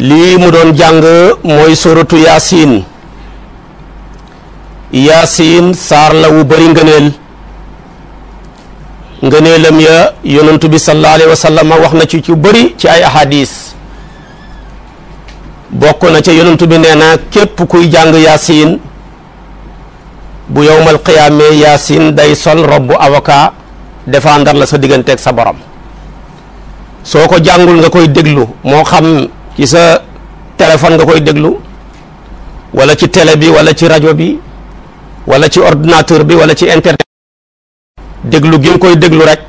lii mu doon jàng mooy suratu yaasin yaasin saar la wu bari ngëneel ngëneelam ya yonantu bi sallallahu alayhi wa wax na ci ci bari ci ay ahadis bokk na ca yonantu bi nee na képp kuy jàng yaasin bu yowmal qiyaamee yaasin day sol robbu avocat défendre la sa digganteeg sa borom soo ko jàngul nga koy déglu moo xam ci sa téléphone nga koy déglu wala ci tele bi wala ci rajo bi wala ci ordinateur bi wala ci internet déglu gi koy déglu rek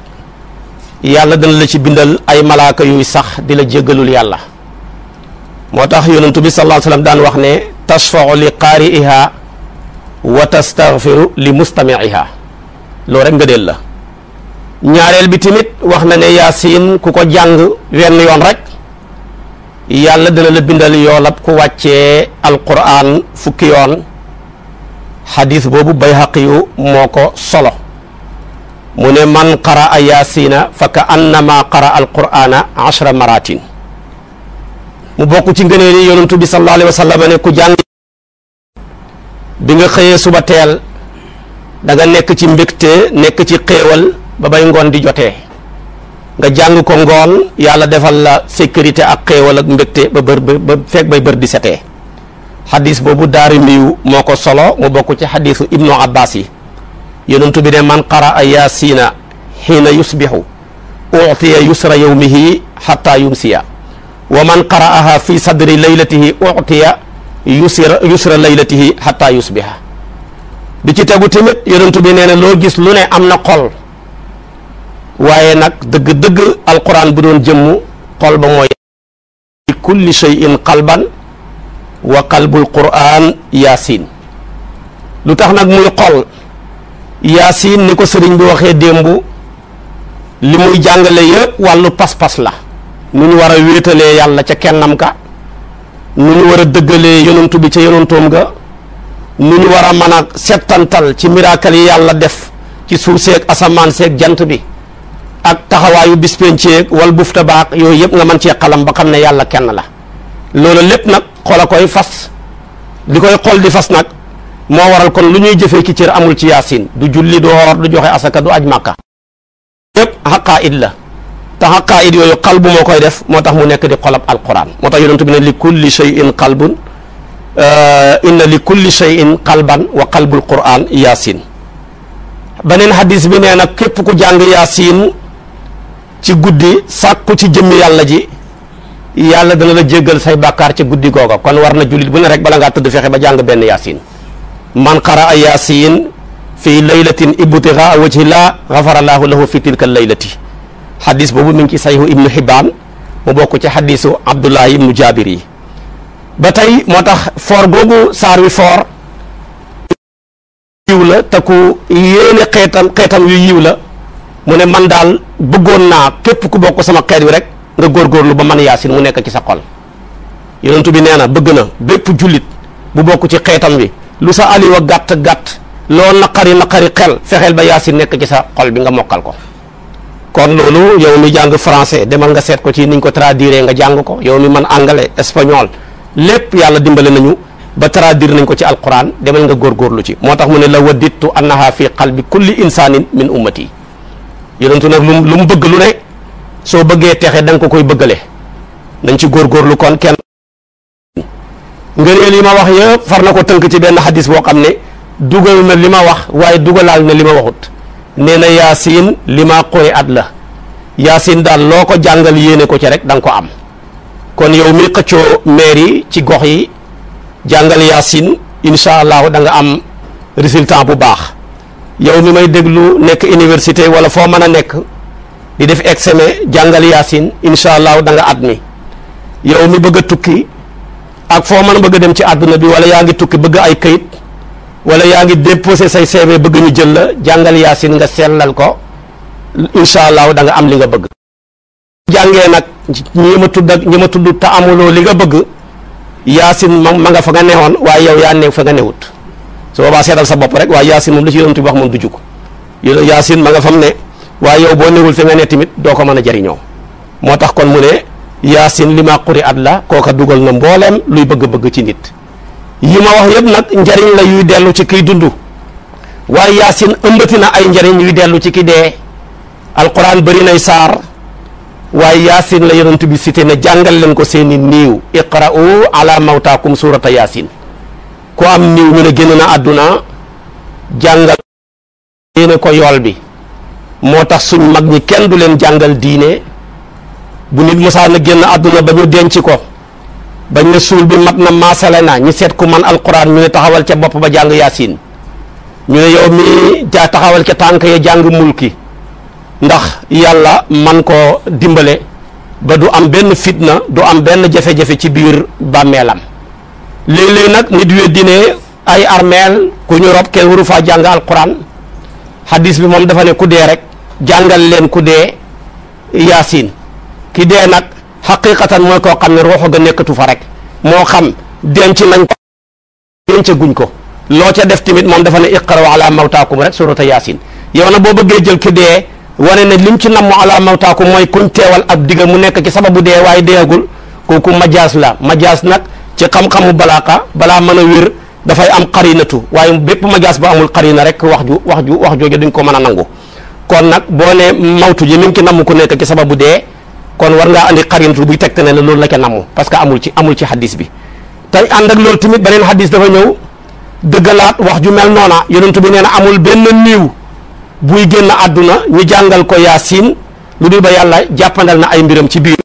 yàlla dana la ci bindal ay malaaka yuy sax di la jéggalul yàlla moo tax yonentu bi sallallahu alayhi daan wax ne tashfa'u li qaari'iha wa tastaghfiru li mustami'iha loo rek nga della ñaareel bi tamit wax na ne yaasin ku ko jàng wenn yoon rek yàlla dana la bindal yoolab ku wàccee alquran fukki yoon xadis boobu bayhaqi yu moo ko solo mu ne man qaraa yaasina fa ka annama qara alqurana ashra maratin mu bokk ci ngënee li yonentu bi sallallahu alayhi ne ku jàng bi nga xëyee suba teel danga nekk ci mbëgte nekk ci xéewal ba bay ngoon di jotee nga jàng ko ngoon yàlla defal la sécurité ak xéewal ak mbégte ba bër ba fekk bay bër di setee xadis boobu daari mbiyu moo ko solo mu bokk ci xadisu ibnu abbas yi yonentu bi ne man qaraa yaasiina xiina yusbixu utiya yusra yawmihi xatta yumsiya wa man qara'aha fi sadri laylatihi utiya yusra yusra laylatihi xatta yusbiha bi ci tegu tamit yonentu bi nee na loo gis lu ne am na xol waaye nag dëgg-dëgg alquran bu doon jëmm xol ba mooy li kulli shay'in qalban wa qalbul quran lu tax nag muy xol yaasin ni ko sëriñ bi waxee démb li muy jàngale yëpp wàllu pas-pas la nu ñu war a wéetalee yàlla ca kennam ka nu ñu war a dëggalee yonantu bi ca yonantoom ga nu ñu war a mën a settantal ci miracle yi yàlla def ci suuf seeg asamaan seeg jant bi ak taxawaayu bis penceeg wal bufta baak yooyu yëpp nga man cee xalam ba xam ne yàlla kenn la loolu lépp nag xoola koy fas li koy xool di fas nag moo waral kon lu ñuy jëfee ki cër amul ci yaasin du julli du woor du joxe asaka du aj màkka yëpp xaqaa'id la te xaqaa'id yooyu qalbu moo koy def moo tax mu nekk di xolab alquran moo tax yonent bi ne li kulli shay'in qalbun euh, inna li kulli shay'in qalban wa qalbul quran yaasin beneen hadis bi nee na képp ku jàng ci guddi sàkku ci jëmm yàlla ji yàlla dana la jéggal say bàkkaar ci guddi googa kon war na jullit bu ne rek bala ngaa tëdd fexe ba jàng benn yaasin man qaraa yaasin fii laylatin ibtigaa wajhi laa gafara laahu lahu fi tilka laylati xadis boobu mi ngi ci sayhu ibnu Hibaan mu bokk ci xadisu Abdullahi ibnu Jaabir yi ba tey moo tax foor googu saar wi foor yiw la te ku yéene xeetam xeetam yu yiw la mu ne man daal bëggoon naa képp ku bokk sama xeet bi rek nga góor góorlu ba man yaasin mu nekk ci sa xol yonentu bi nee na bëgg na bépp jullit bu bokk ci xeetam bi lu sa aliwa gàtt gàtt loo naqari naqari xel fexeel ba yaasin nekk ci sa xol bi nga mokkal ko kon loolu yow mi jàng français demal nga seet ko ci niñ ko traduire nga jàng ko yow mi man anglais espagnol lépp yàlla dimbale nañu ba traduire nañ ko ci alquran demal nga góorgóorlu ci moo tax mu ne la waddittu annaha fi qalbi kulli insanin min ummati yonentu nag lu lu mu bëgg lu ne soo bëggee texe da ko koy bëggale nañ ci góorgóorlu kon kenn ngëneel yi ma wax yëpp far na ko tënk ci benn xadis boo xam ne dugal na li ma wax waaye dugalaal na li ma waxut nee na yaasin li ma quri at la yaasin daal loo ko jàngal yéene ko ci rek danga nga ko am kon yow mi xëccoo maire yi ci gox yi jàngal yaasin incha allahu danga am résultat bu baax yow mi may déglu nekk université wala foo mën a nekk di def examen jàngal yaasin incha allah da at mi yow mi bëgg a tukki ak foo man a bëgg a dem ci àdduna bi wala yaa ngi tukki bëgg ay kayit wala yaa ngi déposé say CV bëgg ñu jël la jàngal yaasin nga sellal ko incha allah da am li nga bëgg. jàngee nag ñi ma tudd ak tudd te amuloo li nga bëgg yaasin ma ma nga fa nga newoon waaye yow yaa ne fa nga newut. su boobaa seetal sa bopp rek waaye yaasin moom la ci yonent bi wax moom du jug yéen yaasin ma nga fam ne waaye yow boo newul fi nga ne tamit doo ko mën a jariñoo moo tax kon mu ne yaasin li maa quri at la kooka dugal na mbooleem luy bëgg-bëgg ci nit yi ma wax yëpp nag njariñ la yuy dellu ci kiy dund waaye yaasin ëmbati na ay njariñ yuy dellu ci kii dee alquran bëri nay saar waaye yaasin la yonent bi cité ne jàngal leen ko seeni niiw iqra'u ala mawtaakum suurata yaasin ku am niw ñu ne génn na àdduna jàngal yéene ko bi moo tax suñ mag ñi kenn du leen jàngal diine bu nit mosaan a génn àdduna ba ñu denc ko bañ ne suul bi mat na maasale na ñi seet ku man alquran ñu ne taxawal ca bopp ba jàng yaasin ñu ne yow mi taxawal ca tànk ya jàng mulki ndax yàlla man koo dimbale ba du am benn fitna du am benn jafe-jafe ci biir bàmmeelam léeg nag nit weddi ne ay armeel ku ñu rob kenn waru faa jàng alquran hadis bi moom dafa ne ku dee rek jàngal leen ku dee yaasin ki dee nag xaqiqatan mooy koo xam ne ruuxu ga nekkatu fa rek moo xam denc nañ ko denc guñ ko loo ca def tamit moom dafa ne iqra ala mawtaakum rek surata yaasin yow na boo bëggee jël ki dee wane ne lim ci namm ala mawtaakum mooy kuñ teewal ab digga mu nekk ci sababu dee waaye deeagul kooku majaas la majaas na ci xam-xamu balaaka balaa mën a wér dafay am xarinatu waaye bépp majaas bu amul xarina rek wax ju wax ju wax jooju duñ ko mën a nangu kon nag boo ne mawtu ji mi ngi ki namm ku nekk ci sababu dee kon war ngaa andi xarinatu buy tegte ne loolu la ca namm parce que amul ci amul ci hadis bi te ànd ak loolu tamit beneen hadis dafa ñëw dëggalaat wax ju mel noona yeneen bi nee na amul benn niiw buy génn àdduna ñu jàngal ko yaasin lu dul ba yàlla jàppandal na ay mbiram ci biir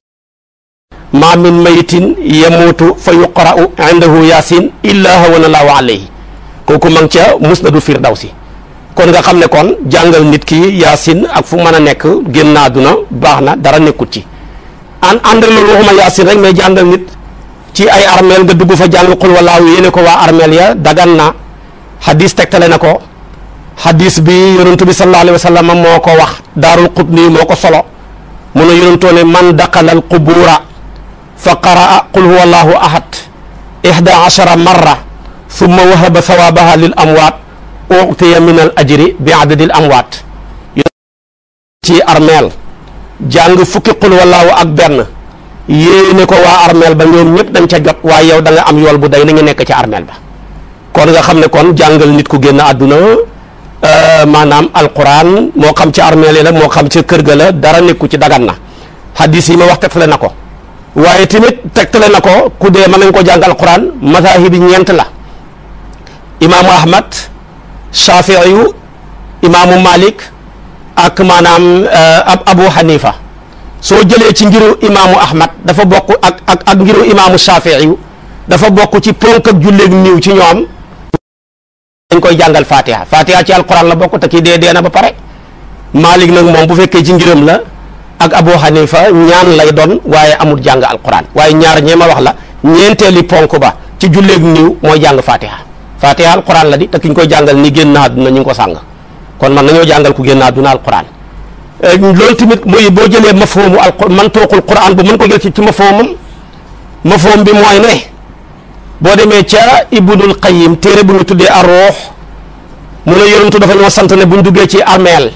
ma min mayitin yamuutu fa yuqra'u indahu yaasin illaa hawana laahu alayhi kooku ma ngi ca daw si kon nga xam ne kon jàngal nit ki yaasin ak fu mën a nekk génn àdduna baax na dara nekkut ci an àndal loolu waxuma yaasin rek mais jàngal nit ci ay armeel nga dugg fa jàng xul walaahu yéene ko waa armeel ya dagan na hadis tegtale na ko hadis bi yonentu bi sallallahu alayhi wa sallam moo ko wax daarul qutni moo ko solo mu ne yonentoo ne man daqalal fa qaraa qul huwa allahu ahad ihda ashara marra summa wahaba sawaabaha lil amwaat utiya min al ajri bi adadil amwaat ci armeel jàng fukki qul wallaahu ak benn yéene ko waa armeel ba ñoom ñëpp dañ ca jot waaye yow da am yool bu day na nga nekk ci armeel ba kon nga xam ne kon jàngal nit ku génn àdduna euh, maanaam alquran moo xam ci armeel yi la moo xam ci kër ga la dara nekku ci dagan na hadis yi ma wax tegtale na ko waaye tamit tegtale na ko ku dee ma nañ ko jàng alquran mazahib yi ñeent la imaamu ahmad shafiiyu imaamu malik ak maanaam eh, abu hanifa soo jëlee ci ngiru imaamu ahmad dafa bokk ak ak ak ngiru imaamu shafiiyu dafa bokk ci ponk ak julleeg niiw ci ñoom dañ koy jàngal fatiha fatiha ci alquran la bokk te kii dee dee na ba pare malik nag moom bu fekkee ci ngiram la ak Abu Hanifa ñaan lay doon waaye amul jàng al alquran waaye ñaar ñee ma wax la ñeenteeli ponk ba ci julleeg niiw mooy jàng fatiha fatiha alquran la di te ki ñu koy jàngal ni génn àdduna ñu ngi ko sàng kon man ñoo jàngal ku génn àdduna alquran eh, loolu tamit muy boo jëlee mafhoomu al man tuuqul quran bu mën ko jël ci ci mafhoomam bi mooy ne boo demee ca ibnul qayyim téere bu ñu tuddee ar ruux mu ne yonentu dafa ñoo sant ne buñ duggee ci armeel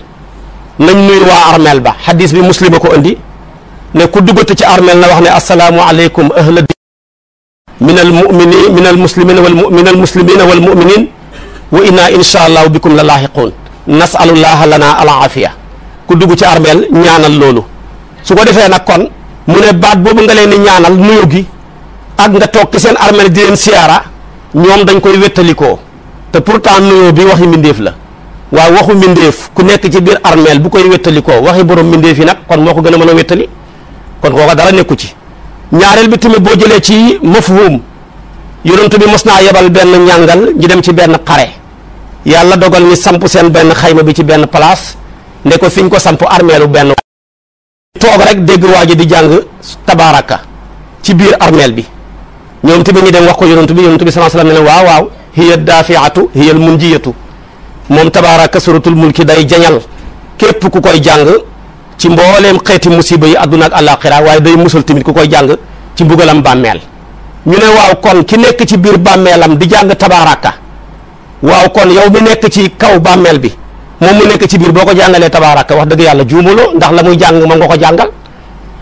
nañ nuyu waa armeel ba xadis bi muslima ko indi ne ku duggati ci armeel na wax ne asalaamu aleykum ahla min al muminin min al muslimin wal min al muslimina wal muminin wa inna insha allahu bikum la laaxiquun nasalullaha lana al aafiya ku dugg ci armeel ñaanal loolu su ko defee nag kon mu ne baat boobu nga leen di ñaanal nuyu gi ak nga toog seen armeel di leen siyaara ñoom dañ koy wettalikoo te pourtant nuyoo bi waxi mbindéef la waaw waxu mbindeef ku nekk ci biir armeel bu koy wettali koo waxi borom mbindeef yi nag kon moo ko gën a mën a wettali kon kooka dara nekku ci ñaareel bi tamit boo jëlee ci mafhum yonent bi mos naa yebal benn ñàngal ñu dem ci benn xare yàlla dogal ni samp seen benn xayma bi ci benn palaas ne ko fiñ ko samp armeelu benn toog rek dégg waa di jàng tabaaraka ci biir armeel bi ñoom tamit ñu dem wax ko yonent bi yonent bi sallallahu alayhi wasallam ne moom tabaaraka suratul mulki day jañal képp ku koy jàng ci mbooleem xeeti musiba yi àdduna ak àllaaxira waaye day musal tamit ku koy jàng ci mbugalam bàmmeel ñu ne waaw kon ki nekk ci biir bàmmeelam di jàng tabaaraka waaw kon yow mu nekk ci kaw bàmmeel bi moom mu nekk ci biir boo ko jàngalee tabaaraka wax dëgg yàlla juumaloo ndax la muy jàng moom nga ko jàngal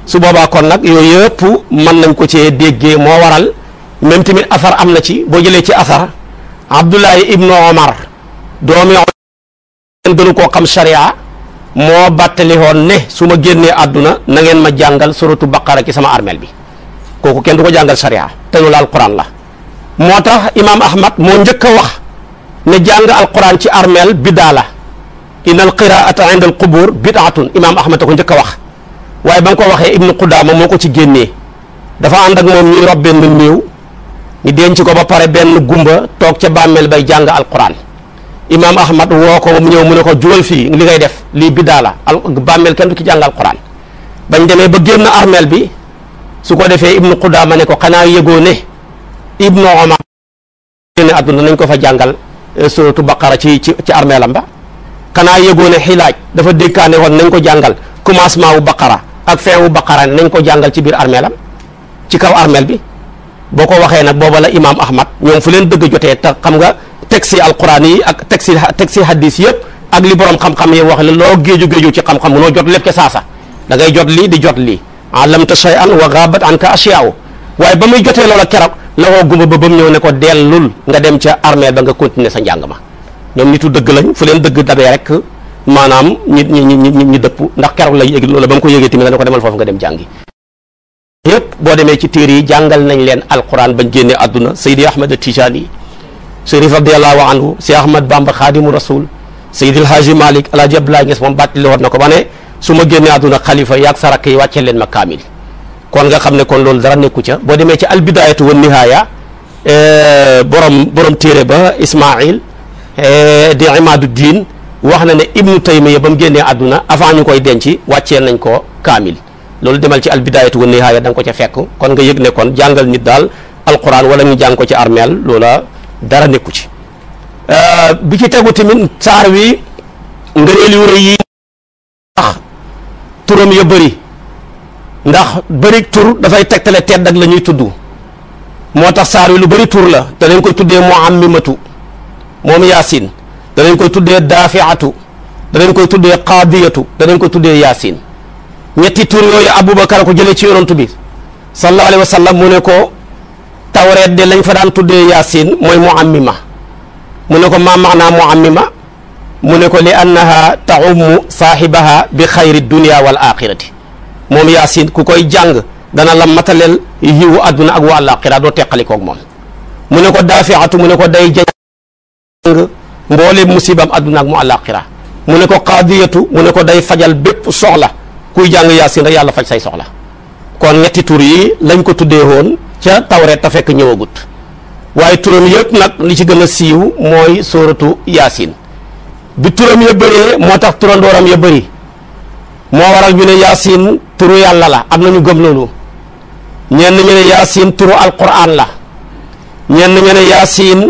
su boobaa kon nag yooyu yëpp mën nañ ko cee déggee moo waral même tamit asar am na ci boo jëlee ci asar Abdullahi ibnu Omar doomi kenn koo xam sharia moo bàttali woon ne su ma génnee àdduna na ngeen ma jàngal suratu baqara ci sama armeel bi kooku kenn du ko jàngal sharia te loolu alquran la moo tax imaam ahmad moo njëkk a wax ne jàng alquran ci armeel bi daala inna al qiraata inda al qubur bidaatun imaam ahmad a ko njëkk a wax waaye ba nga ko waxee ibnu qudaama moo ko ci génnee dafa ànd ak moom ñuy rob benn néew ñu denc ko ba pare benn gumba toog ca bàmmeel bay jàng alquran imaam ahmad woo ko mu ñëw mu ne ko jugal fii li ngay def lii biddaa la bàmmeel kenn du ci jàng alquran bañ demee ba génn armeel bi su ko defee ibnu qudaama ne ko xanaa yëgoo ne ibnu omar àdduna nañ ko jàngal eh, suratu baqara ci ci ci armeelam ba xanaa yëgoo ne xilaaj dafa dékkaane woon nañ ko jàngal commencement wu baqara ak fin wu baqara nañ ko jàngal ci biir armeelam ci kaw armeel bi boo ko waxee nag booba la imaam ahmad ñoom fu leen dëgg jotee ta xam nga texte yi alquran yi ak texte texte yi hadis yëpp ak li borom xam-xam yi wax la loo géeju géeju ci xam-xam munoo jot lépp ca saasa da ngay jot lii di jot lii alamta shay an wa gaabat an ka asiyaaw waaye ba muy jotee loola keroog la woo gumba ba ba mu ñëw ne ko dellul nga dem ca armée ba nga continuer sa njàng ma ñoom nitu dëgg lañ fu leen dëgg dabee rek maanaam ñi ñi ñi ñi dëpp ndax keroog la yëg loola ba mu ko yëgee tamit nga ne ko demal foofu nga dem jàngi yëpp boo demee ci téere yi jàngal nañ leen alquran bañ génnee àdduna Seydi Ahmed Tijani Sëriñ radiyallahu anhu si Ahmad Bamba xaadimu rasul Seydil Haaji Malick El Hadj Abdoulaye Niass moom bàttali woon na ko ba ne su ma génnee àdduna xalifa yaag sarak yi wàccee leen ma kaamil kon nga xam ne kon loolu dara nekku ca boo demee ci albidaayatu wa nihaaya eh, borom borom téere ba Ismail eh, di Imaadu Diin wax na ne Ibnu Taymiya ba mu génnee àdduna avant ñu koy denc wàccee nañ ko kaamil loolu demal ci albidaayatu wa nihaaya da nga ko ca fekk kon nga yëg kon jàngal nit daal alquran wala ñu jàng ko ci armeel dara nekku ci euh, bi ci tegu tamit saar wi ngëneel yu rëy yi ndax ya bëri ndax bëri tur dafay tegtale tedd ak la ñuy tudd moo tax saar wi lu bëri tur la danañ koy tuddee muammimatu moom yaasin danañ koy tuddee daafiatu danañ koy tuddee qaadiyatu danañ koy tuddee yaasin ñetti tur yooyu abubakar ko jëlee ci yonantu bi sallallahu alayhi wa mu ne ko tawreet de lañ fa daan tuddee yaasin mooy mu ammima mu ne ko maa maanaa mu ammima mu ne ko li annaha taummu saahibaha bi xayri dunia wal axirati moom yaasin ku koy jàng dana la mataleel yiwu àdduna ak wàll axira doo teqalikoog moom mu ne ko daafiatu mu ne ko day jàng mboole musibam àdduna ak mu àll mu ne ko qaadiyatu mu ne ko day fajal bépp soxla kuy jàng yaasin rek yàlla faj say soxla kon ñetti tur lañ ko tuddee woon ca tawreet ta fekk ñëwagut waaye turam yëpp nag li ci gën a siiw mooy sóoratu yaasin bi turam ya bëree moo tax turandooram ya bëri moo waral ñu ne yaasin turu yàlla la am na ñu gëm loolu ñenn ñu ne yaasin turu alquran la ñenn ñu ne yaasin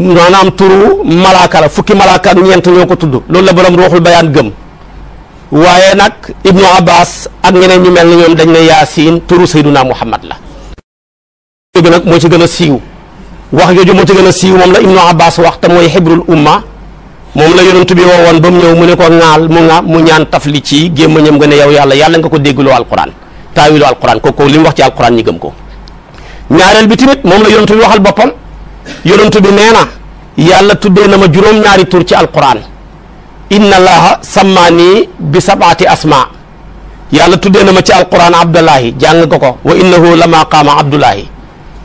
maanaam turu malaaka la fukki malaaka ak ñeent ñoo ko tudd loolu la borom ruuxul bayaan gëm waaye nag ibnu abbas ak ñeneen ñu mel ni ñoom dañ ne yaasin turu sayduna muhammad la bi nag moo ci gën a siiw wax jooju moo ci gën a moom la Ibnu Abbas wax te mooy xibrul umma moom la yonent bi woowoon ba mu ñëw mu ne ko ŋaal mu ŋa mu ñaan tafli ci gémmañam nga ne yow yàlla yàlla nga ko déggloo alquran taawilu alquran kooku li mu wax ci alquran ñi gëm ko ñaareel bi tamit moom la yonent bi waxal boppam yonent bi nee na yàlla tuddee na ma juróom-ñaari tur ci alquran inna allaha sammaani bi sabaati asma yàlla tuddee na ma ci alquran abdullahi jàng ko ko wa innahu lama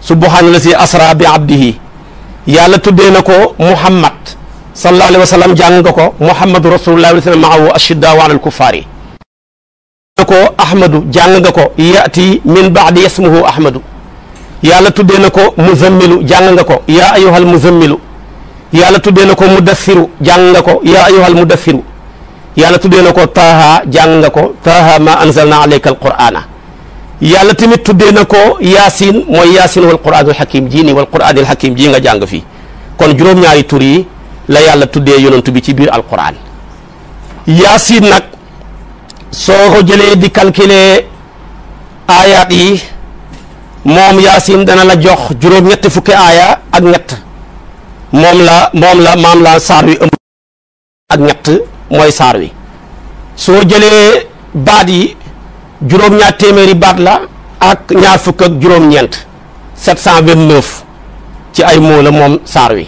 subhaana la si asra bi abdihi yàlla tuddee na ko muhammad sallallahu alayhi wa sallam jàng nga ko muhammadu rasulullahi wa sallam maahu ashiddaau ala alkuffaari na ko ahmadu jàng nga ko yaati min baadi yasmuhu ahmadu yàlla tuddee na ko muzammilu jàng nga ko yaa ayyuhal muzammilu yàlla tuddee na ko mudassiru jàng nga ko yaa ayyuhal mudassiru yàlla tuddee na ko taaha jàng nga ko taaha ma anzalna alayka alqur'ana yàlla tamit tuddee na ko yaasin mooy yaasin wal quraanul hakim jii nii wal quraanil hakim jii nga jàng fii kon juróom-ñaari yi la yàlla tuddee yonantu bi ci biir alquran yaasin nag soo ko jëlee di calculer aayaat yi moom yaasin dana la jox juróom-ñetti fukki aaya ak ñett moom la moom la maam la saar wi ak ñett mooy saar wi soo jëlee baat yi juróom-ñaar téeméeri baat la ak ñaar fukk ak juróom-ñeent 729 ci ay moo la moom saar wi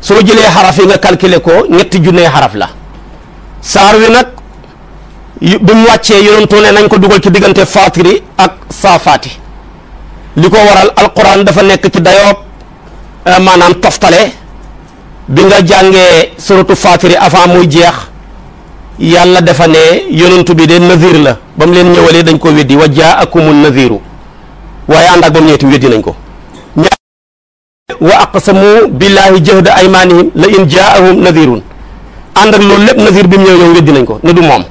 soo jëlee xaraf yi nga calculer ko ñetti junnee xaraf la saar wi nag bi mu wàccee yonentoo ne nañ ko dugal ci diggante faatiri ak saafaati li ko waral alquran dafa nekk ci dayoo eh, maanaam toftale bi nga jàngee suratu faatiri avant muy jeex yàlla defa ne yonantu bi de nazir la ba mu leen ñëwalee dañ ko weddi wa jaakumu naziru waaye ànd ak ba mu ñëwee weddi nañ ko wa aqsamu billahi jahda aymanihim la in jaahum nazirun ànd ak loolu lépp nazir bi mu ñëw ñoom nañ ko ne du moom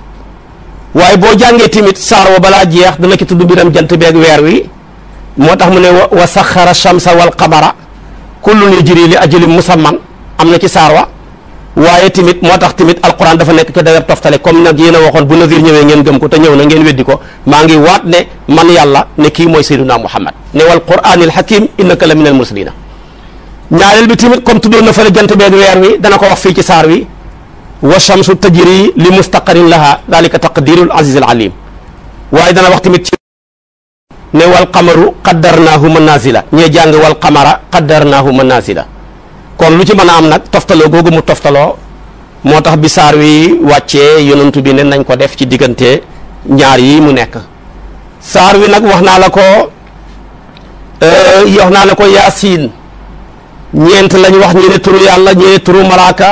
waaye boo jàngee tamit saar wa balaa jeex dana ci tudd biram jant beeg weer wi moo tax mu ne wa saxara shamsa wal qamara kullun yajri li ajalin musamman am na ci saar wa waaye tamit moo tax tamit alquran dafa nekk ci dayab toftale comme nag yéen a waxoon bu nazir ñëwee ngeen gëm ko te ñëw na ngeen weddi ko maa ngi waat ne man yàlla ne kii mooy sayyiduna muhammad ne wal qur'anil hakim innaka la minal mursalina ñaareel bi tamit comme tuddoon na fële jant beeg weer wi dana ko wax fii ci saar wi wa shamsu tajri li mustaqarin laha dalika taqdirul azizil alim waaye dana wax tamit ci ne wal qamaru qaddarnaahu manazila ñee jàng wal qamara qaddarnaahu manazila kon lu ci mën a am nag toftaloo googu mu toftaloo moo tax bi saar wi wàcce yonantu bi ne nañ ko def ci diggante ñaar yi mu nekk saar wi nag wax naa la ko eh, wax naa la ko yaasiin ñeent lañ wax ñi ne turu yàlla ñi ne turu malaaka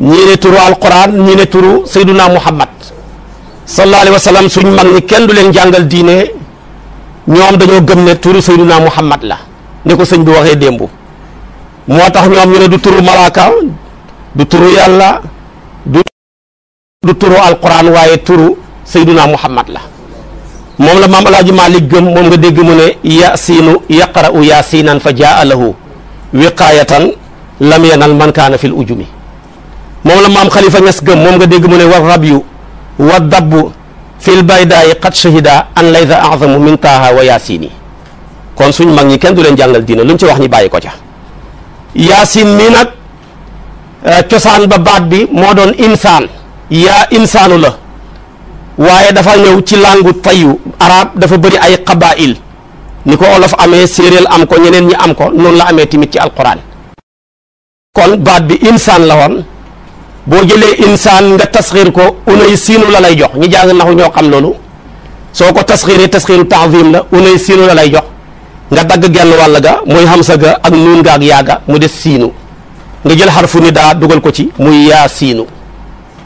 ñi ne turu alquran ñi ne turu sayduna muhammad sallallahu alayhi wa suñ mag ñi kenn du leen jàngal diine ñoom dañoo gëm ne turu sayduna muhammad la ne ko sëñ bi waxee démbu moo tax ñoom ñu ne du turu malaaka du turu yàlla du du turu alquran waaye turu sayduna muhammad la moom la maam alaaji malik gëm moom nga dégg mu ne yasiinu yaqra'u yaasinan fa jaa lahu wiqaayatan lam yanal man kaana fil ujumi moom la maam xalifa ñas gëm moom nga dégg mu ne war rabyu wa dabbu fil baydaayi qad shahida an laysa azamu min taaha wa yaasini kon suñ mag ñi kenn du leen jàngal diina luñ ci wax ñi bàyyi ko ca yaasin mi nag eh, cosaan ba baat bi moo doon insaan yaa insaanu la waaye dafa ñëw ci langu tayu arab dafa bari ay qabail ni ko olof amee séeréel am ko ñeneen ñi am ko noonu la amee tamit ci alquran kon baat bi insaan la woon boo jëlee insaan nga tasxiir ko unay siinu la lay jox ñi jàng naxu ñoo xam loolu soo ko tasxiiree tasxiiru ta'zim la unay siinu la lay jox nga dagg genn wàll ga muy xamsa ga ak nuun ga ak yaaga mu des siinu nga jël xarfu ni daa dugal ko ci muy yaa siinu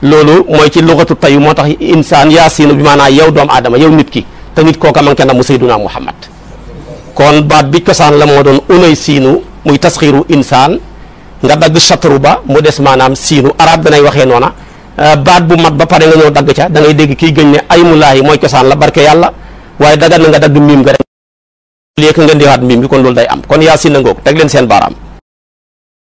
loolu mooy ci luxatu tayu moo tax insaan yaa siinu bi maanaa yow doomu aadama yow nit ki te nit kooka ma nga kenn mu sayduna muhammad kon baat bi cosaan la moo doon unay siinu muy tasxiiru insaan nga dagg chatru ba mu des maanaam siinu arab danay waxee noona euh, baat bu mat ba pare nga ñëw dagg ca dangay dégg kii gëñ ne ay mu laayi mooy cosaan la barke yàlla waaye dagg miim ga rek léegi ngeen di waxaat mbir mi kon loolu day am kon yaasin a ngoog teg leen seen baaraam